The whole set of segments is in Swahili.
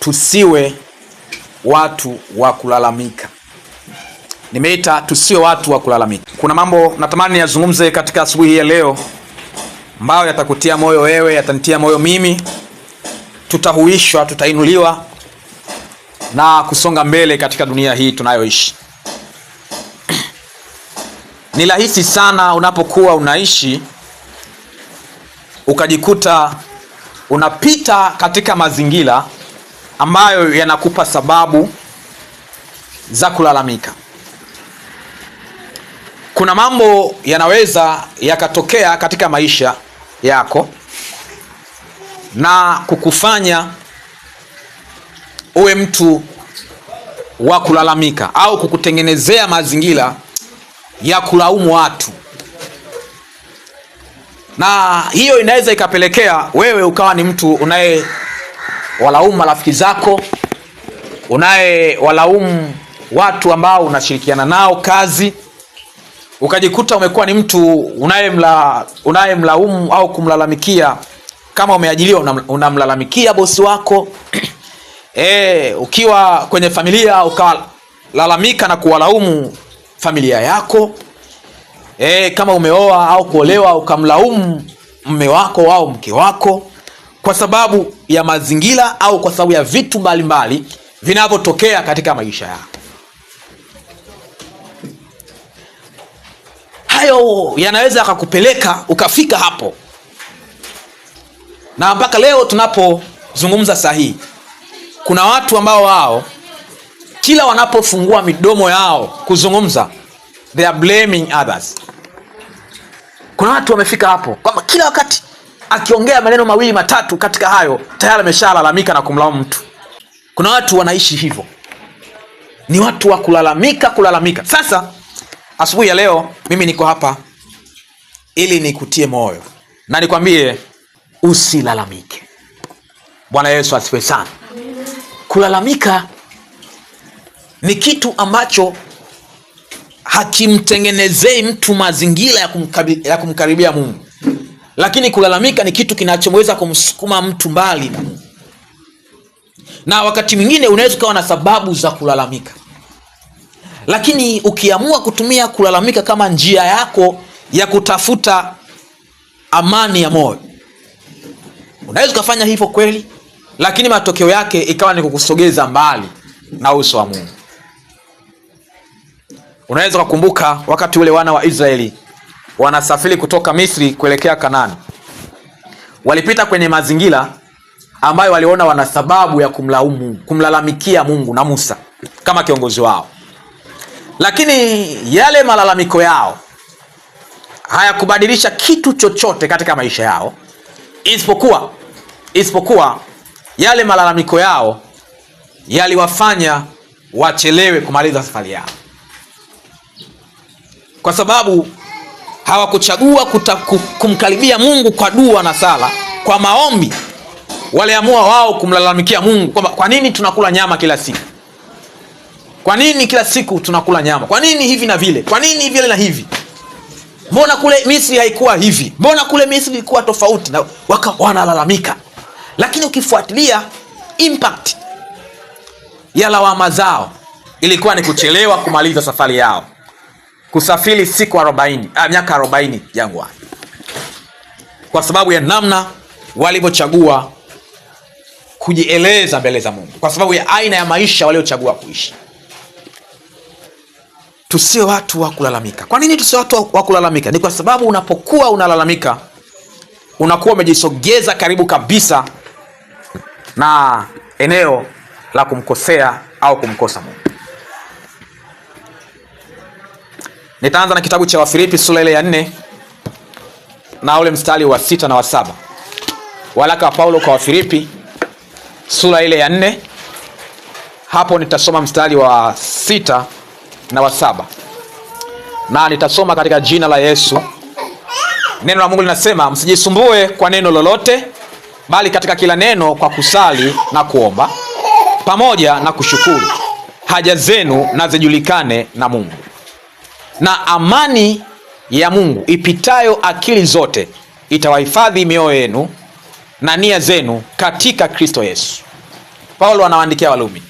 tusiwe watu wa kulalamika. Nimeita tusiwe watu wa kulalamika. Kuna mambo natamani yazungumze katika asubuhi hii ya leo ambayo yatakutia moyo wewe, yatanitia moyo mimi. Tutahuishwa, tutainuliwa na kusonga mbele katika dunia hii tunayoishi. Ni rahisi sana unapokuwa unaishi ukajikuta unapita katika mazingira ambayo yanakupa sababu za kulalamika. Kuna mambo yanaweza yakatokea katika maisha yako na kukufanya uwe mtu wa kulalamika au kukutengenezea mazingira ya kulaumu watu, na hiyo inaweza ikapelekea wewe ukawa ni mtu unaye walaumu marafiki zako, unaye walaumu watu ambao unashirikiana nao kazi, ukajikuta umekuwa ni mtu unayemlaumu unayemlaumu au kumlalamikia. Kama umeajiliwa unamlalamikia bosi wako e, ukiwa kwenye familia ukalalamika na kuwalaumu familia yako e, kama umeoa au kuolewa ukamlaumu mme wako au mke wako kwa sababu ya mazingira au kwa sababu ya vitu mbalimbali vinavyotokea katika maisha yao. Hayo yanaweza yakakupeleka ukafika hapo, na mpaka leo tunapozungumza sahihi, kuna watu ambao wao kila wanapofungua midomo yao kuzungumza they are blaming others. Kuna watu wamefika hapo kwamba kila wakati akiongea maneno mawili matatu katika hayo tayari ameshalalamika na kumlaumu mtu. Kuna watu wanaishi hivyo, ni watu wa kulalamika, kulalamika. Sasa asubuhi ya leo mimi niko hapa ili nikutie moyo na nikwambie usilalamike. Bwana Yesu asifiwe sana. Kulalamika ni kitu ambacho hakimtengenezei mtu mazingira ya kumkaribia Mungu lakini kulalamika ni kitu kinachoweza kumsukuma mtu mbali na Mungu, na wakati mwingine unaweza ukawa na sababu za kulalamika, lakini ukiamua kutumia kulalamika kama njia yako ya kutafuta amani ya moyo, unaweza ukafanya hivyo kweli, lakini matokeo yake ikawa ni kukusogeza mbali na uso wa Mungu. Unaweza ukakumbuka wakati ule wana wa Israeli wanasafiri kutoka Misri kuelekea Kanaani, walipita kwenye mazingira ambayo waliona wana sababu ya kumlaumu, kumlalamikia Mungu na Musa kama kiongozi wao, lakini yale malalamiko yao hayakubadilisha kitu chochote katika maisha yao, isipokuwa isipokuwa yale malalamiko yao yaliwafanya wachelewe kumaliza safari yao, kwa sababu hawakuchagua kumkaribia Mungu kwa dua na sala, kwa maombi. Waliamua wao kumlalamikia Mungu kwamba kwa nini tunakula nyama kila siku, kwa nini kila siku tunakula nyama, kwa nini hivi na vile, kwa nini vile na hivi, mbona kule Misri haikuwa hivi, mbona kule Misri ilikuwa tofauti, na waka wanalalamika. Lakini ukifuatilia impact ya lawama zao ilikuwa ni kuchelewa kumaliza safari yao kusafiri siku arobaini ah, miaka 40 jangwani kwa sababu ya namna walivyochagua kujieleza mbele za Mungu, kwa sababu ya aina ya maisha waliochagua kuishi. Tusiwe watu wa kulalamika. Kwa nini tusiwe watu wa kulalamika? Ni kwa sababu unapokuwa unalalamika unakuwa umejisogeza karibu kabisa na eneo la kumkosea au kumkosa Mungu. Nitaanza na kitabu cha Wafilipi sura ile ya nne na ule mstari wa sita na wa saba. Waraka wa Paulo kwa Wafilipi sura ile ya nne, hapo nitasoma mstari wa sita na wa saba, na nitasoma katika jina la Yesu. Neno la Mungu linasema, msijisumbue kwa neno lolote, bali katika kila neno kwa kusali na kuomba pamoja na kushukuru, haja zenu na zijulikane na Mungu na amani ya Mungu ipitayo akili zote itawahifadhi mioyo yenu na nia zenu katika Kristo Yesu. Paulo anawaandikia Walumi,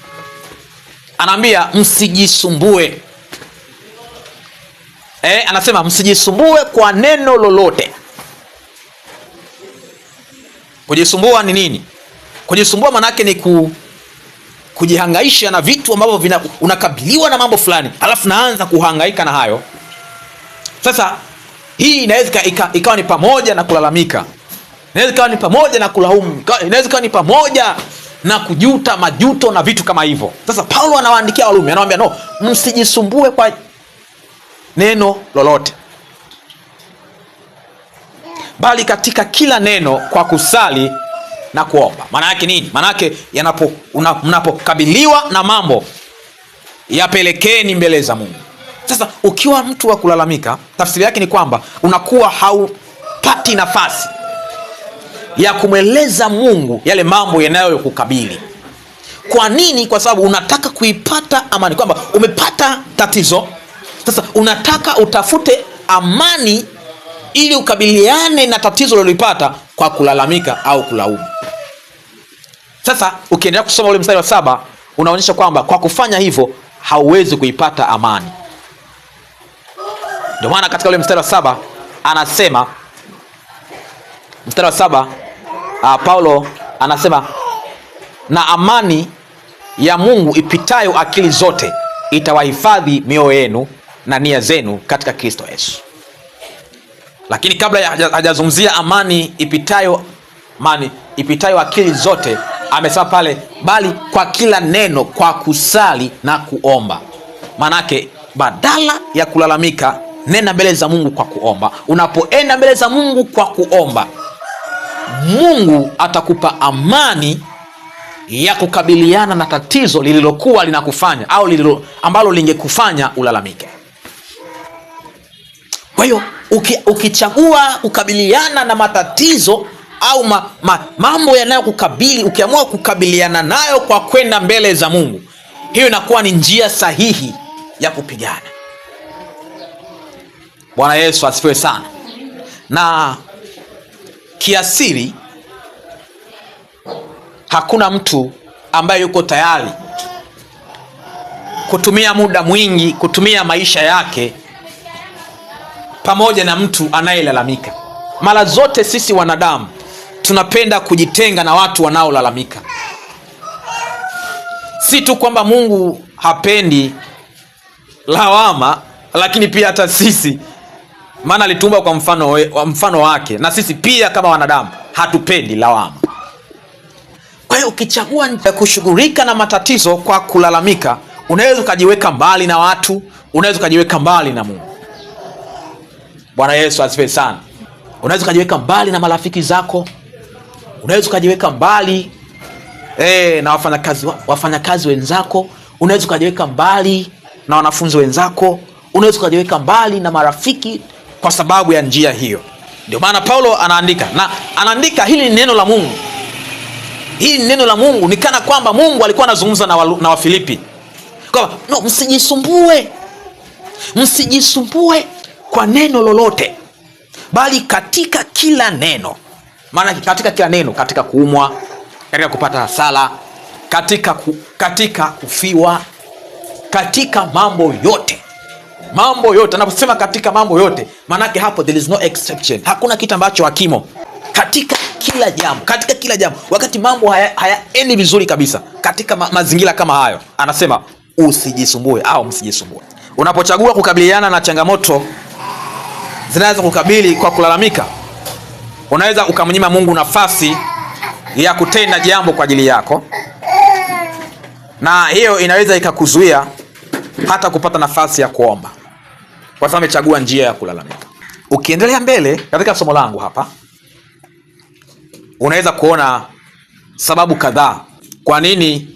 anaambia msijisumbue. E, anasema msijisumbue kwa neno lolote. Kujisumbua ni nini? Kujisumbua maanake ni ku kujihangaisha na vitu ambavyo unakabiliwa na mambo fulani, alafu naanza kuhangaika na hayo. Sasa hii inaweza ikawa ni pamoja na kulalamika, inaweza ikawa ni pamoja na kulaumu, inaweza ikawa ni pamoja na kujuta majuto na vitu kama hivyo. Sasa Paulo anawaandikia Warumi, anawaambia no, msijisumbue kwa neno lolote, bali katika kila neno kwa kusali na kuomba. Maana yake nini? Maana yake mnapokabiliwa na mambo yapelekeni mbele za Mungu. Sasa ukiwa mtu wa kulalamika, tafsiri yake ni kwamba unakuwa haupati nafasi ya kumweleza Mungu yale mambo yanayokukabili. Kwa nini? Kwa sababu unataka kuipata amani, kwamba umepata tatizo, sasa unataka utafute amani ili ukabiliane na tatizo lolipata kwa kulalamika au kulaumu. Sasa ukiendelea kusoma ule mstari wa saba unaonyesha kwamba kwa kufanya hivyo hauwezi kuipata amani. Ndio maana katika ule mstari wa saba anasema, mstari wa saba a, ah, Paulo anasema na amani ya Mungu ipitayo akili zote itawahifadhi mioyo yenu na nia zenu katika Kristo Yesu. Lakini kabla hajazungumzia amani ipitayo amani ipitayo akili zote, amesema pale, bali kwa kila neno kwa kusali na kuomba. Maanake badala ya kulalamika, nenda mbele za Mungu kwa kuomba. Unapoenda mbele za Mungu kwa kuomba, Mungu atakupa amani ya kukabiliana na tatizo lililokuwa linakufanya au lililo, ambalo lingekufanya ulalamike. Kwa hiyo uki, ukichagua kukabiliana na matatizo au ma, ma, mambo yanayokukabili ukiamua kukabiliana nayo kwa kwenda mbele za Mungu, hiyo inakuwa ni njia sahihi ya kupigana. Bwana Yesu asifiwe sana. Na kiasiri hakuna mtu ambaye yuko tayari kutumia muda mwingi, kutumia maisha yake pamoja na mtu anayelalamika. Mara zote sisi wanadamu tunapenda kujitenga na watu wanaolalamika. Si tu kwamba Mungu hapendi lawama, lakini pia hata sisi, maana alitumba kwa mfano, mfano wake, na sisi pia kama wanadamu hatupendi lawama. Kwa hiyo ukichagua kushughulika na matatizo kwa kulalamika, unaweza ukajiweka mbali na watu, unaweza ukajiweka mbali na Mungu. Bwana Yesu asifiwe sana. Unaweza ukajiweka mbali na marafiki zako, unaweza ukajiweka mbali e, na wafanyakazi wafanyakazi wenzako, unaweza ukajiweka mbali na wanafunzi wenzako, unaweza ukajiweka mbali na marafiki kwa sababu ya njia hiyo. Ndio maana Paulo anaandika na anaandika, hili ni neno la Mungu, hii ni neno la Mungu. Ni kana kwamba Mungu alikuwa anazungumza na Wafilipi wa kwamba no, msijisumbue, msijisumbue kwa neno lolote, bali katika kila neno. Maana katika kila neno, katika kuumwa, katika kupata hasara, katika, ku, katika kufiwa, katika mambo yote, mambo yote. Anaposema katika mambo yote, maanake hapo there is no exception, hakuna kitu ambacho hakimo katika kila jambo, katika kila jambo. Wakati mambo hayaendi haya vizuri kabisa katika ma, mazingira kama hayo, anasema usijisumbue au msijisumbue. Unapochagua kukabiliana na changamoto zinaweza kukabili kwa kulalamika. Unaweza ukamnyima Mungu nafasi ya kutenda jambo kwa ajili yako, na hiyo inaweza ikakuzuia hata kupata nafasi ya kuomba, kwa sababu amechagua njia ya kulalamika. Ukiendelea mbele katika somo langu hapa, unaweza kuona sababu kadhaa kwa nini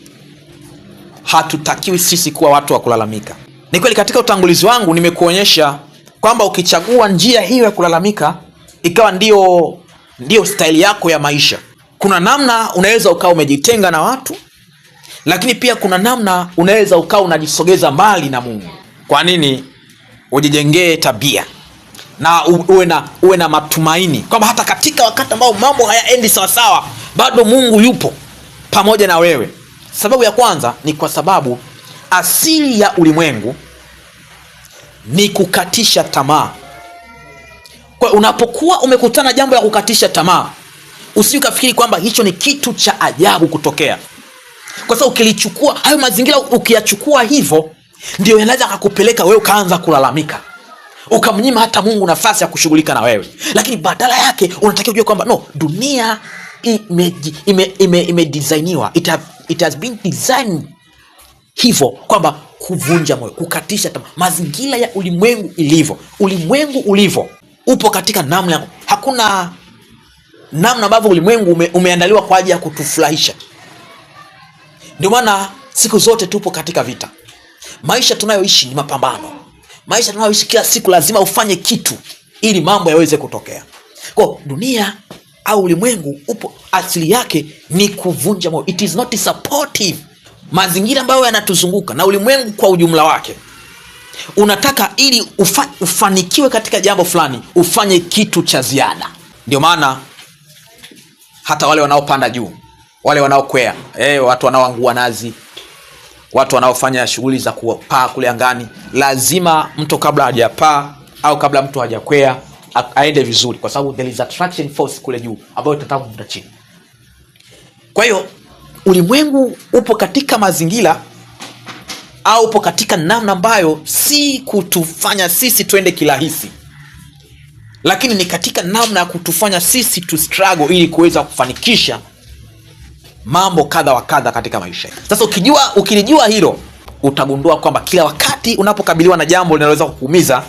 hatutakiwi sisi kuwa watu wa kulalamika. Ni kweli katika utangulizi wangu nimekuonyesha kwamba ukichagua njia hiyo ya kulalamika ikawa ndio ndio staili yako ya maisha, kuna namna unaweza ukawa umejitenga na watu, lakini pia kuna namna unaweza ukawa unajisogeza mbali na Mungu. Kwa nini ujijengee tabia na uwe na uwe na matumaini kwamba hata katika wakati ambao mambo hayaendi sawasawa, bado Mungu yupo pamoja na wewe. Sababu ya kwanza ni kwa sababu asili ya ulimwengu ni kukatisha tamaa. Kwa unapokuwa umekutana jambo la kukatisha tamaa, usije ukafikiri kwamba hicho ni kitu cha ajabu kutokea, kwa sababu ukilichukua hayo mazingira, ukiyachukua hivyo, ndio yanaweza akakupeleka wewe ukaanza kulalamika, ukamnyima hata Mungu nafasi ya kushughulika na wewe. Lakini badala yake unatakiwa ujue kwamba no, dunia imedisainiwa ime, ime, ime it, it has been designed hivyo kwamba kuvunja moyo, kukatisha tamaa. Mazingira ya ulimwengu ilivyo, ulimwengu ulivyo upo katika namna yako. Hakuna namna ambavyo ulimwengu ume, umeandaliwa kwa ajili ya kutufurahisha. Ndio maana siku zote tupo katika vita. Maisha tunayoishi ni mapambano. Maisha tunayoishi kila siku lazima ufanye kitu ili mambo yaweze kutokea. Kwa dunia au ulimwengu upo asili yake ni kuvunja moyo. It is not supportive mazingira ambayo yanatuzunguka na ulimwengu kwa ujumla wake unataka ili ufa, ufanikiwe katika jambo fulani ufanye kitu cha ziada. Ndio maana hata wale wanaopanda juu, wale wanaokwea e, watu wanaoangua nazi, watu wanaofanya shughuli za kupaa kule angani, lazima mtu kabla hajapaa au kabla mtu hajakwea aende vizuri, kwa sababu there is attraction force kule juu ambayo itataka chini. Kwa hiyo ulimwengu upo katika mazingira au upo katika namna ambayo si kutufanya sisi twende kirahisi, lakini ni katika namna ya kutufanya sisi tu struggle ili kuweza kufanikisha mambo kadha wa kadha katika maisha. Sasa ukijua, ukilijua hilo utagundua kwamba kila wakati unapokabiliwa na jambo linaloweza kukuumiza,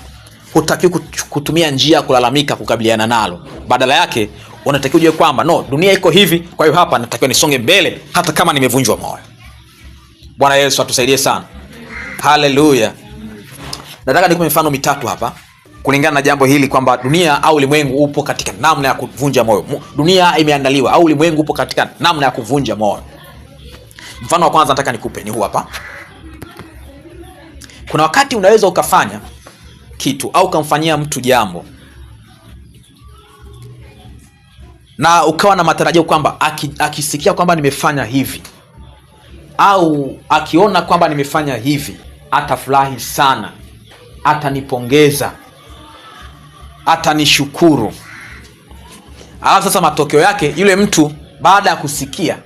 hutakiwi kutumia njia ya kulalamika kukabiliana nalo, badala yake unatakiwa ujue kwamba no, dunia iko hivi, kwa hiyo hapa natakiwa nisonge mbele hata kama nimevunjwa moyo. Bwana Yesu atusaidie sana, haleluya. Nataka nikupe mifano mitatu hapa kulingana na jambo hili kwamba dunia au ulimwengu upo katika namna ya kuvunja moyo. Dunia imeandaliwa au ulimwengu upo katika namna ya kuvunja moyo. Mfano wa kwanza nataka nikupe ni huu hapa. Kuna wakati unaweza ukafanya kitu au ukamfanyia mtu jambo na ukawa na matarajio kwamba akisikia kwamba nimefanya hivi au akiona kwamba nimefanya hivi atafurahi sana, atanipongeza, atanishukuru. Alafu sasa matokeo yake yule mtu baada ya kusikia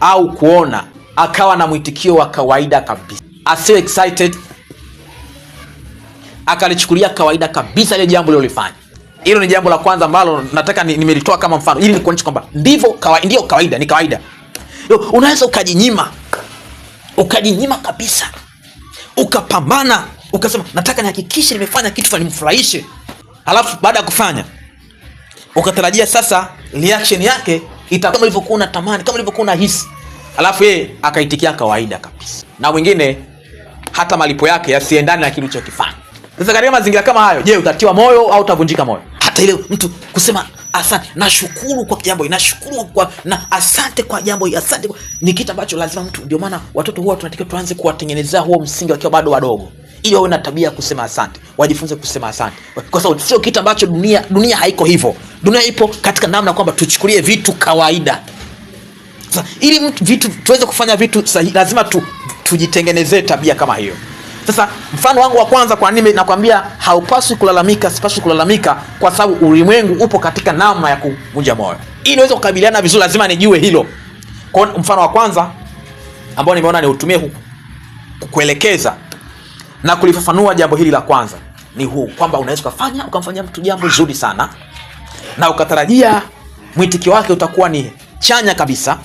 au kuona akawa na mwitikio wa kawaida kabisa, asio excited, akalichukulia kawaida kabisa ile jambo liolifanya hilo ni jambo la kwanza ambalo nataka nimelitoa ni, kama mfano ili nikuonyeshe kwamba ndivyo kawa, ndio kawaida, ni kawaida. Unaweza ukajinyima ukajinyima kabisa ukapambana ukasema nataka nihakikishe nimefanya kitu fulani nimfurahishe, alafu baada ya kufanya ukatarajia sasa reaction yake itakuwa kama ilivyokuwa unatamani, kama ilivyokuwa unahisi, alafu yeye akaitikia kawaida kabisa, na wengine hata malipo yake yasiendane na kile ulichokifanya. Sasa katika mazingira kama hayo, je, utatiwa moyo au utavunjika moyo? inastahili mtu kusema asante, nashukuru kwa jambo, nashukuru kwa na asante kwa jambo, asante kwa... ni kitu ambacho lazima mtu. Ndio maana watoto huwa tunatakiwa tuanze kuwatengenezea huo msingi wakiwa bado wadogo, ili wawe na tabia ya kusema asante, wajifunze kusema asante, kwa sababu sio kitu ambacho dunia, dunia haiko hivyo. Dunia ipo katika namna kwamba tuchukulie vitu kawaida. Sasa ili mtu, vitu tuweze kufanya vitu sahihi, lazima tu, tujitengenezee tabia kama hiyo. Sasa mfano wangu wa kwanza, kwa nini nakwambia haupaswi kulalamika? Sipaswi kulalamika kwa sababu ulimwengu upo katika namna ya kuvunja moyo. Ili niweze kukabiliana vizuri, lazima nijue hilo. Kwa mfano wa kwanza ambao nimeona niutumie kuelekeza na kulifafanua jambo hili la kwanza ni huu kwamba unaweza ukafanya ukamfanyia mtu jambo zuri sana na ukatarajia mwitikio wake utakuwa ni chanya kabisa,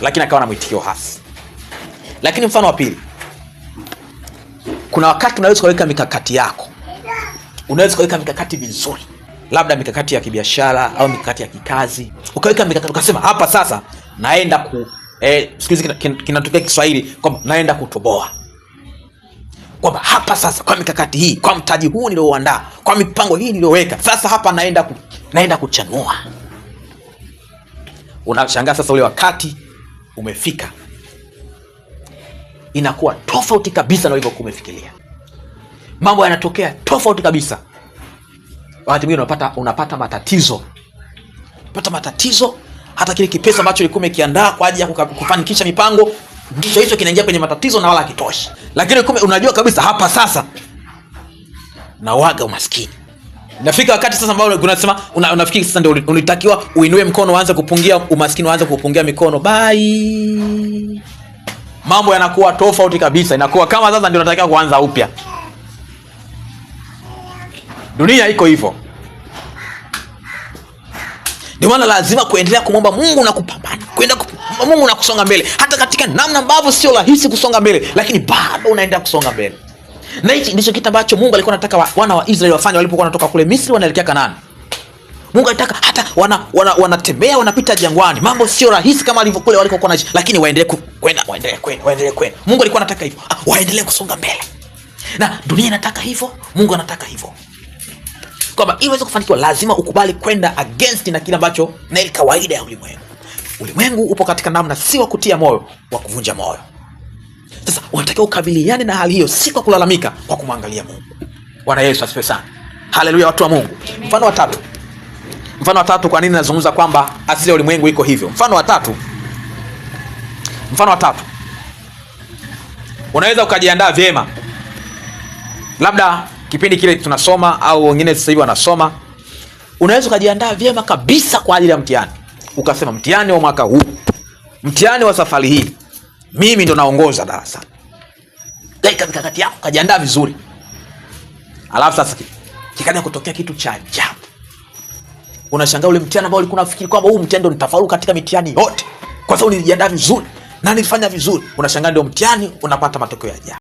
lakini akawa na mwitikio hasi. Lakini mfano wa pili kuna wakati unaweza ukaweka mikakati yako, unaweza ukaweka mikakati vizuri, labda mikakati ya kibiashara au mikakati ya kikazi, ukaweka mikakati ukasema, hapa sasa naenda ku eh, siku hizi kinatokea kina, Kiswahili kwamba naenda kutoboa, kwamba hapa sasa kwa mikakati hii, kwa mtaji huu niliouandaa, kwa mipango hii niliyoweka, sasa hapa naenda ku, naenda kuchanua. Unashangaa sasa ule wakati umefika inakuwa tofauti kabisa na ulivyokuwa umefikiria. Mambo yanatokea tofauti kabisa. Wakati mwingine unapata, unapata matatizo pata matatizo, hata kile kipesa ambacho ulikuwa umekiandaa kwa ajili ya kufanikisha mipango ndicho hicho kinaingia kwenye matatizo na wala hakitoshi, lakini kumbe unajua kabisa hapa sasa na waga umaskini. Nafika wakati sasa ambao unasema una, unafikiri sasa ndio unitakiwa uinue mkono uanze kupungia umaskini, uanze kupungia mikono bye mambo yanakuwa tofauti kabisa, inakuwa kama sasa ndio natakiwa kuanza upya. Dunia iko hivyo, ndio maana lazima kuendelea kumwomba Mungu na kupambana kwenda kumwomba Mungu na kusonga mbele, hata katika namna ambavyo sio rahisi kusonga mbele, lakini bado unaendelea kusonga mbele. Na hichi ndicho kitu ambacho Mungu alikuwa anataka wa, wana wa Israeli wafanye walipokuwa wanatoka kule Misri wanaelekea Kanaani. Mungu alitaka hata wana, wana, wanatembea wanapita jangwani, mambo sio rahisi kama alivyokuwa walikokuwa naishi, lakini waendelee kwenda, waendelee kwenda, waendelee kwenda. Mungu alikuwa anataka hivyo, ah, waendelee kusonga mbele, na dunia inataka hivyo, Mungu anataka hivyo kwamba ili uweze kufanikiwa lazima ukubali kwenda against na kile ambacho ni kawaida ya ulimwengu. Ulimwengu upo katika namna si wa kutia moyo, wa kuvunja moyo. Sasa unatakiwa ukabiliane na hali hiyo, si kwa kulalamika, kwa kumwangalia Mungu. Bwana Yesu asifiwe sana. Haleluya, watu wa Mungu. Mfano wa tatu, mfano wa tatu, kwa nini nazungumza kwamba asili ya ulimwengu iko hivyo? Mfano wa tatu Mfano wa tatu, unaweza ukajiandaa vyema, labda kipindi kile tunasoma au wengine sasa hivi wanasoma, unaweza ukajiandaa vyema kabisa kwa ajili ya mtihani, ukasema mtihani wa mwaka huu, mtihani wa safari hii, mimi ndo naongoza darasani. Kaika mikakati yako, kajiandaa vizuri, alafu sasa kikaja kutokea kitu cha ajabu. Unashangaa ule mtihani ambao ulikuwa unafikiri kwamba huu mtihani ndo nitafaulu katika mitihani yote, kwa sababu nilijiandaa vizuri na nilifanya vizuri, unashangaa ndio mtihani unapata matokeo ya ajabu.